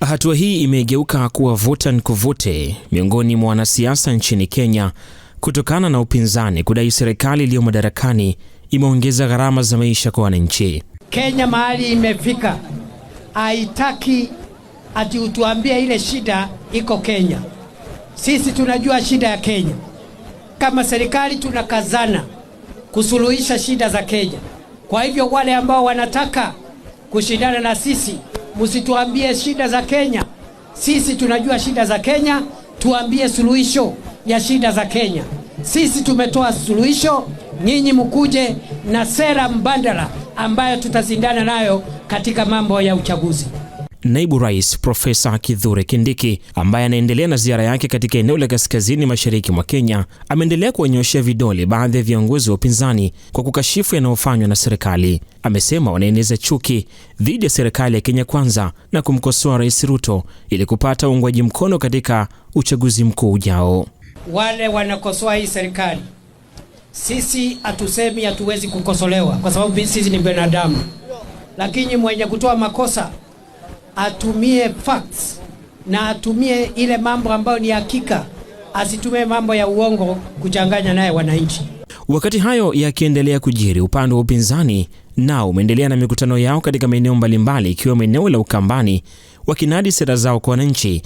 Hatua hii imegeuka kuwa vuta kuvote miongoni mwa wanasiasa nchini Kenya kutokana na upinzani kudai serikali iliyo madarakani imeongeza gharama za maisha kwa wananchi. Kenya mahali imefika, haitaki ati utuambie ile shida iko Kenya. Sisi tunajua shida ya Kenya. Kama serikali tunakazana kusuluhisha shida za Kenya. Kwa hivyo wale ambao wanataka kushindana na sisi msituambie shida za Kenya. Sisi tunajua shida za Kenya, tuambie suluhisho ya shida za Kenya. Sisi tumetoa suluhisho, nyinyi mkuje na sera mbadala ambayo tutazindana nayo katika mambo ya uchaguzi naibu rais Profesa Kithure Kindiki ambaye anaendelea na ziara yake katika eneo la kaskazini mashariki mwa Kenya ameendelea kuwanyoshea vidole baadhi ya viongozi wa upinzani kwa kukashifu yanayofanywa na serikali. Amesema wanaeneza chuki dhidi ya serikali ya Kenya Kwanza na kumkosoa Rais Ruto ili kupata uungwaji mkono katika uchaguzi mkuu ujao. Wale wanakosoa hii serikali, sisi hatusemi hatuwezi kukosolewa, kwa sababu sisi ni binadamu, lakini mwenye kutoa makosa atumie facts na atumie ile mambo ambayo ni hakika, asitumie mambo ya uongo kuchanganya naye wananchi. Wakati hayo yakiendelea kujiri, upande wa upinzani nao umeendelea na mikutano yao katika maeneo mbalimbali, ikiwemo eneo la Ukambani, wakinadi sera zao kwa wananchi,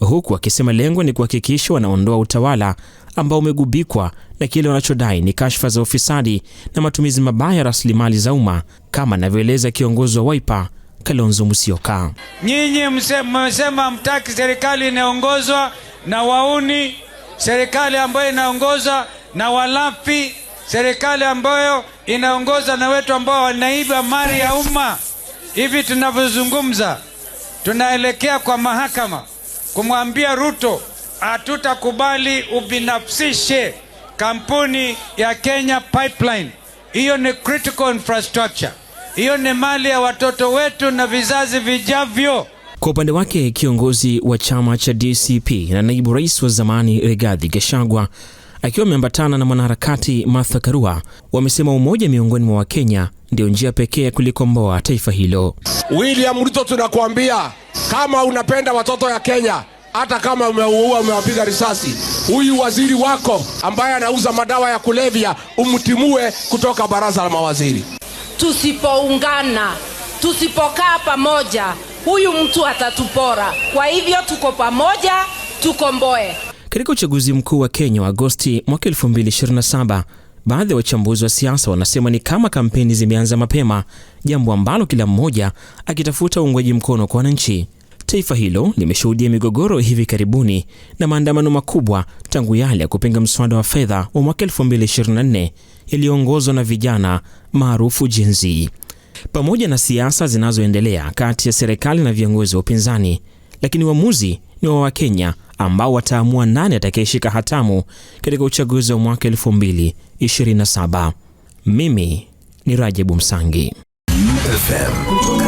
huku wakisema lengo ni kuhakikisha wanaondoa utawala ambao umegubikwa na kile wanachodai ni kashfa za ufisadi na matumizi mabaya ya rasilimali za umma, kama anavyoeleza kiongozi wa Wiper Kalonzo Musyoka. Nyinyi mmesema mtaki serikali inaongozwa na wauni, serikali ambayo inaongozwa na walafi, serikali ambayo inaongozwa na wetu ambao wanaiba mali ya umma. Hivi tunavyozungumza, tunaelekea kwa mahakama kumwambia Ruto hatutakubali ubinafsishe kampuni ya Kenya Pipeline. Hiyo ni critical infrastructure. Hiyo ni mali ya watoto wetu na vizazi vijavyo. Kwa upande wake kiongozi wa chama cha DCP na naibu rais wa zamani Rigathi Gachagua akiwa ameambatana na mwanaharakati Martha Karua wamesema umoja miongoni mwa Wakenya ndio njia pekee ya kulikomboa taifa hilo. William Ruto, tunakuambia kama unapenda watoto ya Kenya, hata kama umeuua umewapiga risasi, huyu waziri wako ambaye anauza madawa ya kulevya umtimue kutoka baraza la mawaziri tusipoungana, tusipokaa pamoja, huyu mtu atatupora. Kwa hivyo tuko pamoja, tukomboe. Katika uchaguzi mkuu wa Kenya wa Agosti mwaka 2027, baadhi ya wachambuzi wa siasa wanasema ni kama kampeni zimeanza mapema, jambo ambalo kila mmoja akitafuta uungwaji mkono kwa wananchi. Taifa hilo limeshuhudia migogoro hivi karibuni na maandamano makubwa tangu yale ya kupinga mswada wa fedha wa mwaka 2024 yaliyoongozwa na vijana maarufu Gen Z. Pamoja na siasa zinazoendelea kati ya serikali na viongozi wa upinzani, lakini uamuzi ni wa Wakenya ambao wataamua nani atakayeshika hatamu katika uchaguzi wa mwaka 2027. Mimi ni Rajibu Msangi FM.